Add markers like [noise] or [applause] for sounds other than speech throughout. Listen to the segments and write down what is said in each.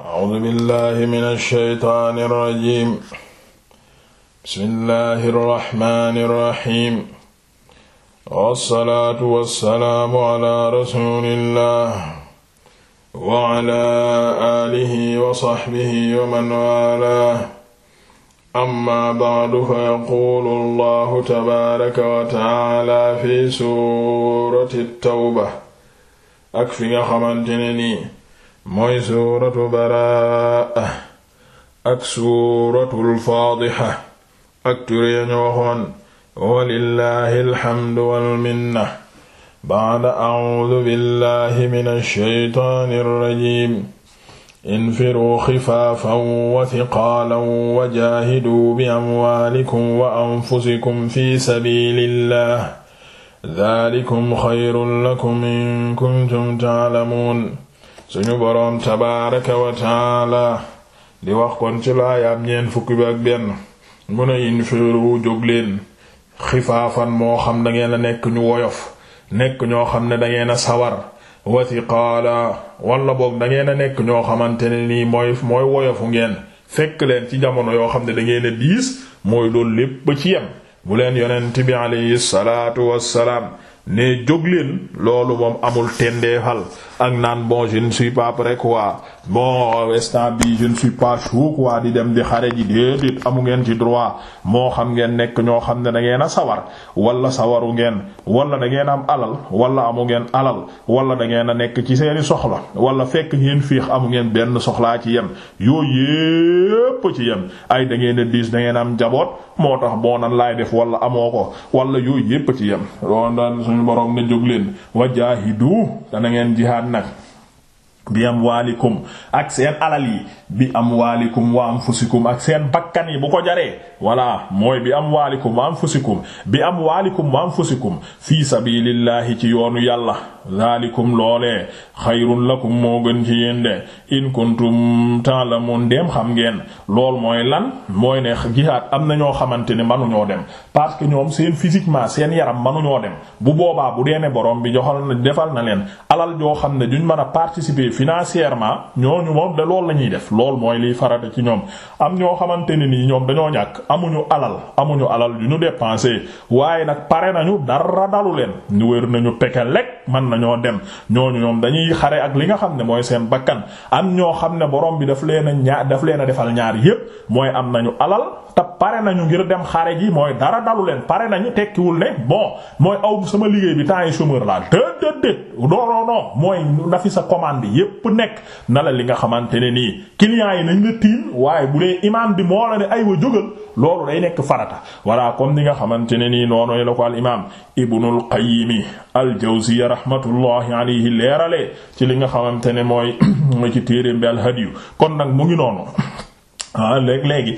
A'uuzu billaahi mina shaytaani rajiim. Bismillaahi rahmaani rahiim. Wassalaatu wassalaamu alaa rasuulillaah wa alaa aalihi wa sahbihi wa man waalaah. Ammaa ba'du fayaquulu Allaahu tabaaraka wa ta'aalaa fi suurati Tawba ak fi nga xamante ne nii. mooy suuratu baraa ak suuratul faadixa ak tur ya ñu waxoon walillahi alhamdu walminna ba'da a'uudu billahi minash shaytaanir rajiim infiruu xifaafan wa siqaalan wa jaahiduu bi amwaalikum wa anfusikum fi sabiilillah daalikum xayrun lakum in kuntum ta'lamuun suñu boroom tabaaraka wa di wax kon ci laayaab ñeent fukki bi ak benn mu ne infiru jóg xifaafan moo xam dangeen a nekk ñu woyof nekk ñoo xam ne dangeen a sawar wathiqaala walla boog dangeen a nekk ñoo xamante ne nii mooy mooy woyofu ngeen fekk leen ci jamono yoo xam ne da ngeen a diis mooy loolu lépp ci yem bu leen yonent bi alayhi salaatu wassalaam ne jóg leen loolu moom amul tendeefal ak naan bon je ne suis pas prêt bon instant bi je ne pas chaud quoi di dem di xare ji déedéet amu ngeen ci droit moo xam ngeen nekk ñoo xam ne da ngeen a sawar wala sawaru ngeen wala da ngeen am alal wala amu ngeen alal wala da ngeen a nekk ci seeni soxla wala fekk ngeen fiix amu ngeen benn soxlaa ci yem yooyu yépp ci yem ay da ngeen a diis da ngeen am njaboot moo tax boo nan laay def wala amoo ko wala yooyu yépp ci yem loolu daan suñu jóg nag bi amwaalikum ak seen alal yi bi amwaalikum wa anfusikum ak seen bakkan yi bu ko jaree walla mooy bi amwaalikum wa anfusikum bi amwaalikum wa anfusikum fii sabilillahi ci yoonu yàlla zaalikum loolee xayrun lakum moo gën ci yéen de in kuntum ta'lamun dem xam ngeen lool mooy lan mooy ne jihaad am na ñoo xamante ne mënuñoo dem parce que ñoom seen physiquement seen yaram mënuñoo dem bu boobaa bu dee ne borom bi joxal na defal na leen alal joo xam ne duñ mën a participer financièrement ñooñu moom de lool lañuy def lool mooy liy farata ci ñoom am ñoo xamante ne nii ñoom dañoo ñàkk amuñu alal amuñu alal yu ñu dépensé waaye nag pare nañu dara dalu leen ñu wér nañu peke lekk mën nañoo dem ñooñu ñoom dañuy xare ak li nga xam ne mooy seen bakkan am ñoo xam ne borom bi daf leen a ñaar daf leen a defal ñaar yépp mooy am nañu alal te pare nañu ngir dem xare ji mooy dara dalu leen pare nañu tekkiwul ne bon mooy aw sama liggéey bi temps yi chômeur laa déedéet déet non mooy nafi sa commande bi yépp nekk na la li nga xamante ne nii clients yi nañ la tiim waaye bu dee imaam bi moo la ne ay wa jógal loolu day nekk farata voilà comme li nga xamante ne nii noonu la ko al imaam Ibnul Qayyim al-Jawziyya rahmatullahi alayhi leerale ci li nga xamante ne mooy [coughs] mooy ci téereem bi al kon nag mu ngi noonu ah léegi léegi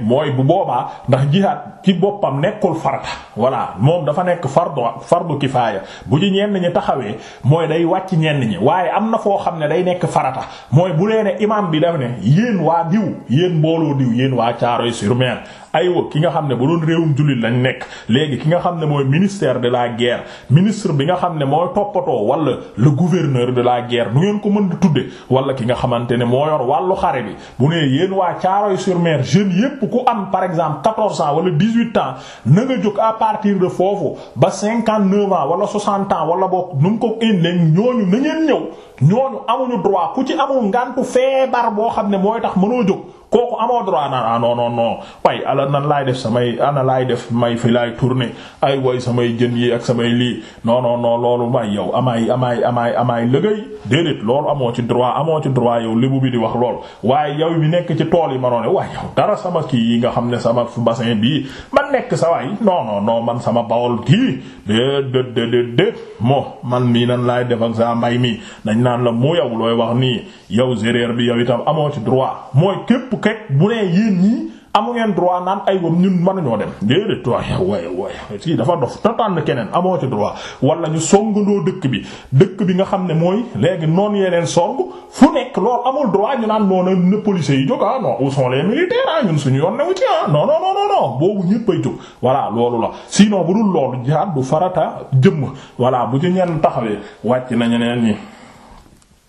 mooy bu boobaa ndax jihaad ci boppam nekkul farata voilà moom dafa nekk fardu fardu kifaaya bu ci ñenn ñi taxawee mooy day wàcc ñenn ñi waaye am na foo xam ne day nekk farata mooy bu lee ne imaam bi def ne yéen waa diw yéen mbooloo diw yéen waa Caaroy sur Mer aywa ki nga xam ne ba doon réewum jullit lañu nekk léegi ki nga xam ne mooy ministère de la guerre ministre bi nga xam ne mooy toppatoo wala le gouverneur de la guerre nu ngeen ko mën di tudde wala ki nga xamante ne moo yor wàllu xare bi bu nee yéen waa Caaroy-sur-Mer jeunes yépp ku am par exemple quatorze ans wala dix-huit ans na nga jóg à partir de foofu ba cinquante-neuf ans wala soixante ans wala boog nu mu ko indee ñooñu na ngeen ñëw ñooñu amuñu droit ku ci amul ngantu feebar boo xam ne mooy tax mënoo jóg kooku amoo droit naan ah non non non waaye ala nan laay def samay ana laay def may fi laay tourner ay woy samay jën yi ak samay lii non non non loolu may yow amaay amaay amaay amaay lëgëy déedéet loolu amoo ci droit amoo ci droit yow lébu bi di wax lool waaye yow bi nekk ci tool yi ma noone waaye dara sama kii yi nga xam ne sama bassin bii ma nekk sa waay non non non man sama bawol kii déet déet déet déet moo man mii nan laay def ak saa mbay mi dañ naan la mu yow looy wax nii yow géréer bi yow itam amoo ci droit mooy képp képp bu nee yéen ñi amu ngeen droit naan ay wam ñun mënuñoo dem déedéet waaye waaye waaye si dafa dof tànn keneen amoo ci droit wala ñu songandoo dëkk bi dëkk bi nga xam ne mooy léegi noon yee leen song fu nekk loolu amul droit ñu naan noonu na police yi jóg ah non où sont les ah, suñu yoon newu ci ah non non boobu ñëpp ay jóg voilà loolu la sinon bu dul loolu jihaad du farata jëmm voilà bu ci ñenn taxawee wàcc nañu neen ñi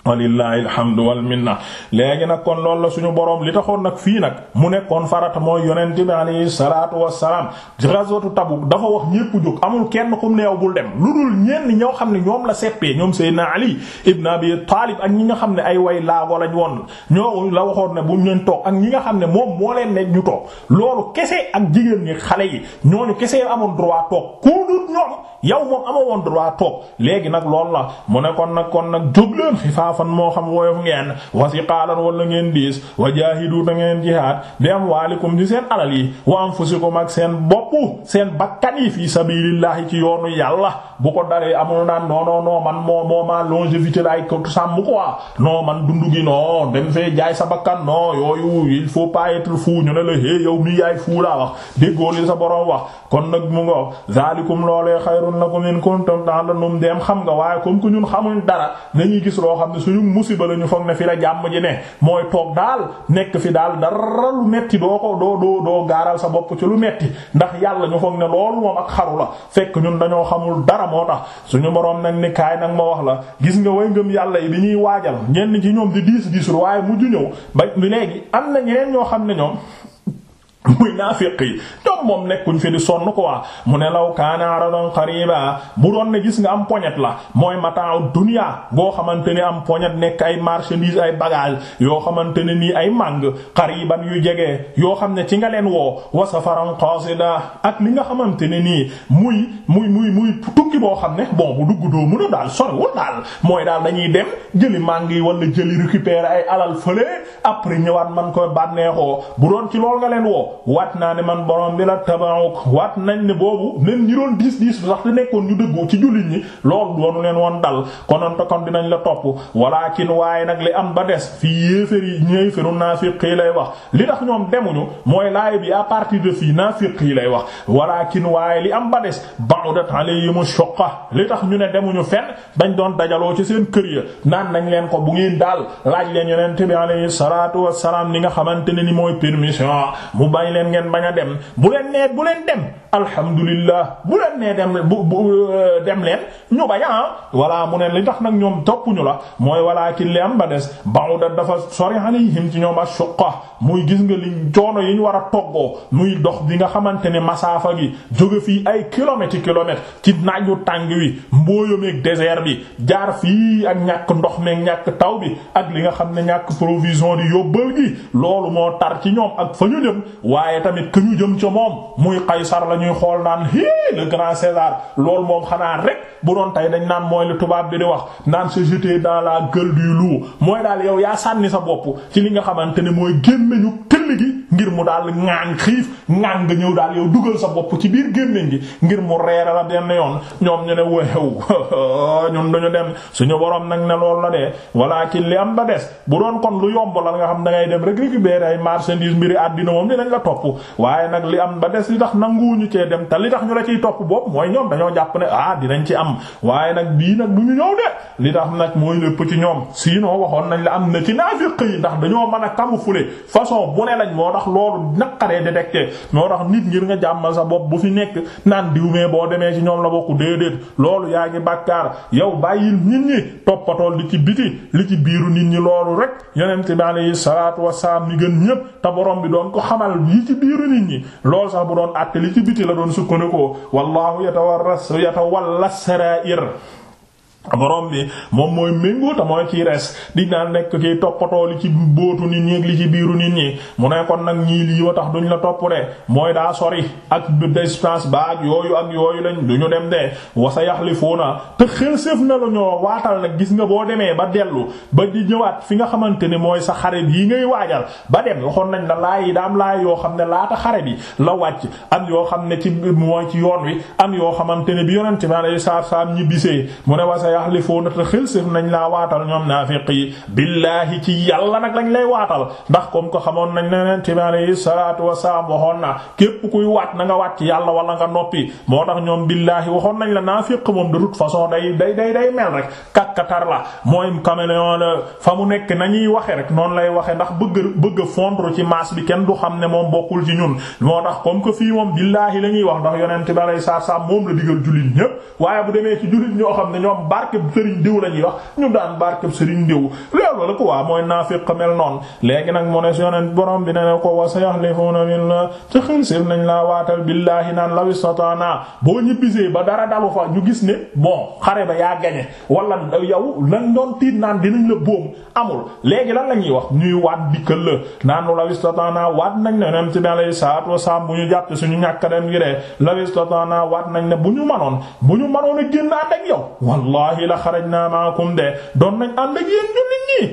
walillahi alhamdu wal minna léegi nag kon loolu la suñu boroom li taxoon nag fii nag mu nekkoon farata mooy yonent bi alayhi salaatu wassalaam ghazwatu Tabuk dafa wax ñépp jóg amul kenn kum neew bul dem lu dul ñeen ñoo xam ne ñoom la seppee ñoom Seydina Ali ibn Abi Taalib ak ñi nga xam ne ay way laago lañ woon ñoo la waxoon ne bu ñu toog ak ñi nga xam ne moom moo leen ne ñu toog loolu kese ak jigéen ñi xale yi ñooñu kese amoon droit toog ku dul ñoom yow moom amoon xafan moo xam woyof ngeen wasiqaalan wala ngeen diis wa jaahidu na ngeen jihaad bi amwaalikum ci seen alal yi wa anfusikum ak seen bopp seen bakkan yi fi sabilillahi ci yoonu yàlla bu ko daree amul naan non non non man moo moo ma longévité laay ko sàmm quoi man dundu gi non dem fee jaay sa bakkan non yooyu il faut pas être fou ñu ne la hey yow ni yaay fou laa wax déggoo li sa boroom wax kon nag mu ngo zaalikum loolee xayrun lakum in kuntum ta'lamun dem xam nga waaye comme que ñun xamuñ dara dañuy gis loo xam ne suñu musiba la ñu foog ne fi la jàmm ji ne mooy toog daal nekk fi daal dara metti doo ko doo doo doo gaaral sa bopp ci lu metti ndax yàlla ñu foog ne loolu moom ak xaru la fekk ñun dañoo xamul dara moo tax suñu boroom nag ni kaay nag ma wax la gis nga way ngëm yàlla yi bi ñuy waajal ñenn ci ñoom di diis diisul waaye mujj ñëw ba léegi am na ñeneen ñoo xam ne ñoom muy naafiq yi ñoom moom nekkuñ fi di sonn quoi mu ne law kaana aradan qariba bu doon ne gis nga am poñet la mooy mata'u dunya boo xamante ne am poñet nekk ay marchandise ay bagage yoo xamante ne nii ay màng qariban yu jege yoo xam ne ci nga leen woo wa safaran qasida ak li nga xamante ne nii muy muy muy muy tukki boo xam ne bon bu dugg doo mën a daal soriwul daal mooy daal dañuy dem jëli màng yi wala jëli récupérer ay alal fële après ñëwaat man koy bànneexoo bu doon ci lool nga leen woo waat naa ne man borom bi la tabaawuk waat nañ ne boobu même ñi doon diis diis sax di nekkoon ñu dëggoo ci jullit ñi loolu doonu leen woon dal konoon te kon dinañ la topp walaakin waaye nag li am ba des fii yéeféer yi ñéeféeru naafiq yi lay wax li tax ñoom demuñu mooy laay bi à partir de fii naa naafiq yi lay wax walaakin waaye li am ba des ba'udat alayhimu shuqqa li tax ñu ne demuñu fenn dañ doon dajaloo ci seen kër ya naan nañ leen ko bu ngeen daal leen yonent bi alayhi salaatu wassalaam li nga xamante ne ni mooy permission bàyyi leen ngeen bañ a dem bu leen nee bu leen dem alhamdulillah bu leen nee dem bu bu euh, dem leen ñu bañ a ah. voilà mu ne li tax nag ñoom toppuñu la mooy walaakin li am ba des ba'udat dafa sori alayhim ci ñoom muy gis nga yi ñu war a toggoo muy dox bi nga xamante ne masaafa gi jóge fii ay kilomètres yi kilomètres ci naaju tàng wi mbooyameeg désert bi jaar fii ak ñàkk ndox meeg ñàkk taw bi ak li nga xam ne ñàkk provision di yóbbal gi loolu moo tar ci ñoom ak fa ñu dem waaye tamit ku ñu jëm ca moom muy Qaysar la ñuy xool naan hi le grand César loolu moom xanaa rek bu doon tey dañ naan mooy lu tubaab bi di wax naan se jeter dans la gueule du loup mooy daal yow yaa sànni sa bopp ci li nga xamante ne mooy gémmiñu kël gi ngir mu daal ŋaan xiif ŋaan nga ñëw daal yow dugal sa bopp ci biir gémmiñ gi ngir mu reere la benn yoon ñoom ñu ne weewu [laughs] ñun dañu dem suñu borom nag ne loolu la de walaakin li am ba des bu doon kon lu yomb la nga xam da ngay dem rek récupérer ay marchandises mbiri àddina moom ca topp waaye nag li am ba des li tax nanguwuñu cee dem te li tax ñu la ciy topp boobu mooy ñoom dañoo jàpp ne ah dinañ ci am waaye nag bii nag du ñu ñëw de li tax nag mooy lépp ci ñoom sinon waxoon nañ la am na ci naafiq yi ndax dañoo mën a camoufler façon bu ne lañ moo tax sa bopp bu fi nekk naan diwmee boo demee ci ñoom la bokku déedéet loolu yaa ngi bàkkaar yow bàyyil nit ñi toppatool li ci biti li ci biiru nit ñi loolu rek yonent bi alayhi salaatu wassalaam ni gën ñépp te borom bi doon ko yi ci biiru nit ñi loolu sax bu doon àtte li ci biti la doon sukkandikoo wallahu yatawarras yatawalla sarair borom bi moom mooy méngoo te mooy ci res di naan nekk ki toppatoo li ci bóotu nit ñi ak li ci biiru nit ñi mu ne kon nag ñii lii yoo tax duñ la topp de mooy daa sori ak distance ba ak yooyu ak yooyu lañ duñu dem de wasa yaxlifuuna te xelsef na la ñoo waatal nag gis nga boo demee ba dellu ba di ñëwaat fi nga xamante ne mooy sa xare yi ngay waajal ba dem waxoon nañ la laay yi daam laay yoo xam ne laata xare bi la wàcc am yoo xam ne ci mooy ci yoon wi am yoo xamante ne bi yonente bi alayhi salaam ñibbisee mu ne wasa yaxlifuuna te xilsif nañ laa waatal ñoom naafiq yi billaahi ci yàlla nag lañ lay waatal ndax comme ko na képp noppi moo tax ñoom billaahi waxoon nañ la naafiq moom de toute façon day day day day mel rek kakkatar la mooy caméléon la fa mu nekk nañuy waxe rek noonu lay waxe ndax bëgg bëgg fondre ci masse bi kenn du xam ne moom bokkul ci ñun moo tax comme que fii moom billaahi la ñuy wax ndax yonent bi alayhi salaatu wasalaam moom la digal jullit ñépp waaye bu demee ci jullit ñoo xam ne ñoom barkeb sëriñ diw la ñuy wax ñu daan barkeb sëriñ diw loolu la ko waa mooy naafiq mel noonu léegi nag mu ne si yonent borom bi ne ko wa sayahlifuna billah ci xilsif nañ laa waatal billaahi boo ñibbisee ba dara dalu fa ñu gis ne bon xare ba yaa gañe wala yow lan doon tiit naan dinañ la boom amul léegi lan la ñuy wax ñuy waat dikkal la naan law istata'na waat nañ ne yonent bi alayhi salaatu wasalaam bu ñu jàpp suñu ñàkk dem gi de law istata'na waat nañ ne bu ñu manoon bu ñu manoon a génn ànd ak yow wallahi la xarajna maakum de doon nañ ànd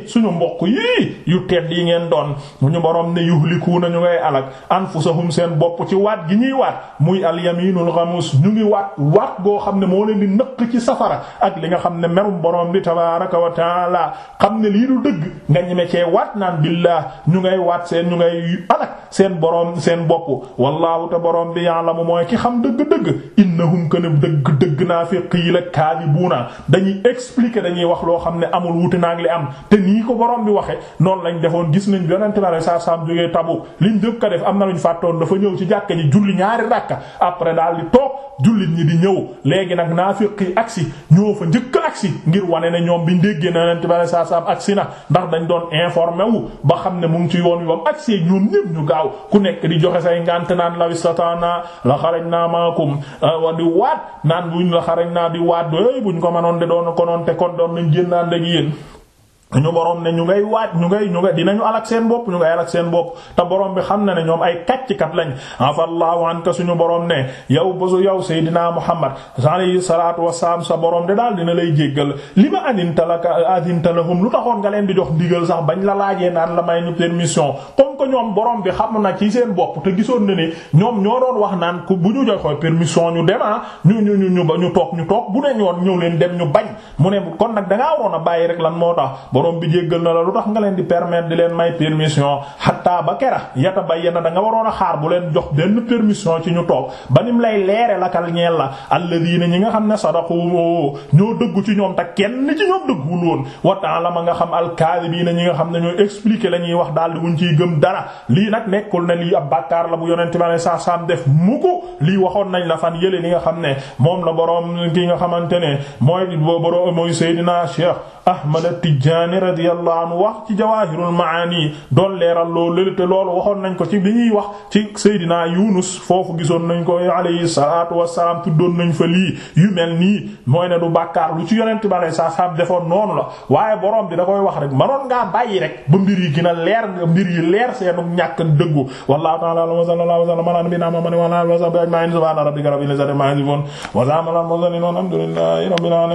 suñu mbokk yii yu tedd yi ngeen doon ñu borom ne yuhlikuuna ñu ngay alak anfusahum seen bopp ci waat gi ñuy waat muy alyaminul ghamus ñu ngi waat waat goo xam ne moo leen di nëkk ci safara ak li nga xam ne merum borom bi tabaaraka wa taala xam ne lii du dëgg nga ñeme cee waat naan billah ñu ngay waat seen ñu ngay alak seen borom seen bopp wallaahu te borom bi ya'lamu mooy ki xam dëgg-dëgg innahum kana dëgg dëgg naafiqi la kaadibuuna dañuy expliquer dañuy wax loo xam ne amul wuti naag li am te nii ko borom bi waxe noonu lañu defoon gis nañ yonente bi alayhi salaam jógee Tabuk liñ jëkk a def am na luñ fàttoon dafa ñëw ci jàkka ji julli ñaari rakka après daal di toog jullit ñi di ñëw léegi nag naafiq yi agsi ñoo fa njëkk agsi ngir wane ne ñoom bi ndéggee na leen tibale saa saam agsi na ndax dañ doon informé wu ba xam ne mu ngi ci yoon wi bam agsi ñoom ñëpp ñu gaaw ku nekk di joxe say ngànt naan la wistatana la xarañ naa maakum euh, wa di waat naan buñ la xarañ naa di waat bu eh, buñ ko mënoon de doon konoon te kon doon nañ génnaan dëgg yéen ñu borom ne ñu ngay waaj ñu ngay ñu ngay dinañu alak seen bopp ñu ngay alak seen bopp te borom bi xam na ne ñoom ay kàccikat lañ afallahu anka suñu borom ne yow bésu yow Seydina Muhammad alayhi salaatu wasalaam sa borom de daal dina lay jéggal li ma adinta laka adinta lahum lu taxoon nga leen di jox ndigal sax bañ la laajee naan la may ñu permission comme que ñoom borom bi xam na ci seen bopp te gisoon na ne ñoom ñoo doon wax naan ku ñu joxee permission ñu dem ah ñu ñu ñu ñu ba ñu toog ñu toog bu ne ñoon ñëw leen dem ñu bañ mu ne kon nag da ngaa waroon bàyyi rek lan moo tax borom bi jéggal na la lu tax nga leen di permettre di leen a xaar bu leen jox benn ba nim lay leere lakal ñeel la ñi nga xam ne sadaqu ñoo la ma nga xam alkaadibiina ñi nga xam ne ñoo expliquer la ñuy wax la bu yonente bi saa saam def mu ko lii la fan yële li nga xam ne moom la boroom ki nga xamante ne mooy boroom mooy Seydina Cheikh Ahmad Tidiane Juhani radiyallahu anhu wax ci Jawaahirul Maani doon leeral loolu te loolu waxoon nañ ko ci bi ñuy wax ci Seydina Yunus foofu gisoon nañ ko alayhi salaatu wassalaam tuddoon nañ fa yu mel nii mooy ne du bàkkaar lu ci yonent ba lay saa saam defoon noonu la waaye borom bi da koy wax rek manoon ngaa bàyyi rek ba mbir yi gën a leer nga mbir yi leer seenu ñàkk dëggu wallahu ta'ala wa sallallahu wa sallama ala nabiyyina muhammadin wa ala alihi wa sahbihi ajma'in subhana rabbika rabbil izzati amma yasifun wa